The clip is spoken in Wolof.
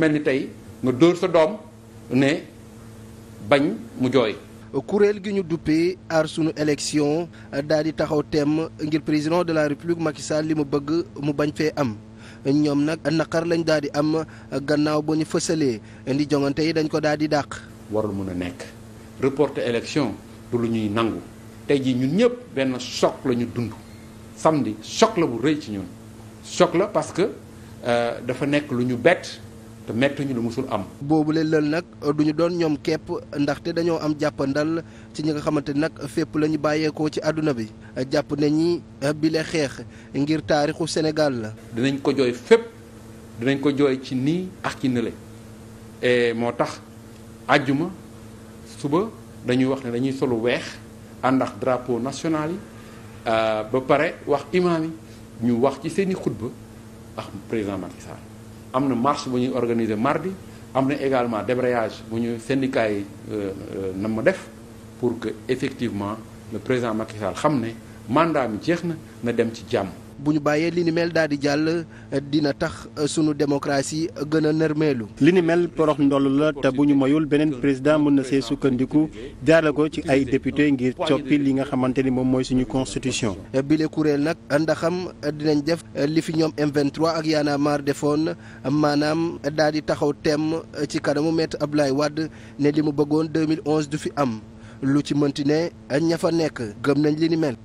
mel ni tey nga dóor sa doom ne bañ mu jooy. kuréel gi ñu duppee aar sunu élection daal di taxaw temm ngir président de la république Macky Sall li mu bëgg mu bañ fee am ñoom nag naqar lañ daal di am gannaaw ba ñu fësalee ndi jongante yi dañ ko daal di dàq. warul mun a nekk reporter élection du lu ñuy nangu tey jii ñun ñëpp benn choc la ñu dund samedi choc la bu rëy ci ñun choc la parce que euh, dafa nekk lu ñu bett. te metti ñu lu mosul am. boobu leen lël nag duñu doon ñoom képp ndaxte dañoo am jàppandal ci ñi nga xamante nag fépp la ñu bàyyeekoo ci àdduna bi jàpp nañu bile xeex ngir taarixu Sénégal la. dinañ ko jooy fépp dinañ ko jooy ci nii ak ci nële et moo tax àjjuma suba dañuy wax ne dañuy solu weex àndax ak drapeau national yi euh, ba pare wax imaam yi ñu wax ci seeni xutba ak président Macky am na marche bu ñuy organiser mardi am na également débrayage bu ñu syndicat yi euh, euh, na ma def pour que effectivement le président Macky xam ne mandat mi jeex na na dem ci jàmm bu ñu bàyyee li mel daal di jàll dina tax euh, sunu démocratie gën a nërmeelu. li ni mel porox ndoll la te bu ñu moyul beneen président mën na see sukkandiku jaaral ko ci ay député ngir coppi li nga xamante ni moom mooy suñu constitution. bile kuréel nag ndaxam dinañ def li fi ñoom m ak Y'en a marre defoon maanaam daal di taxaw temm ci kanamu maître Abdoulaye wadd ne li mu bëggoon 2011 du fi am lu ci mënti ne ña fa nekk gëm nañ li ni mel.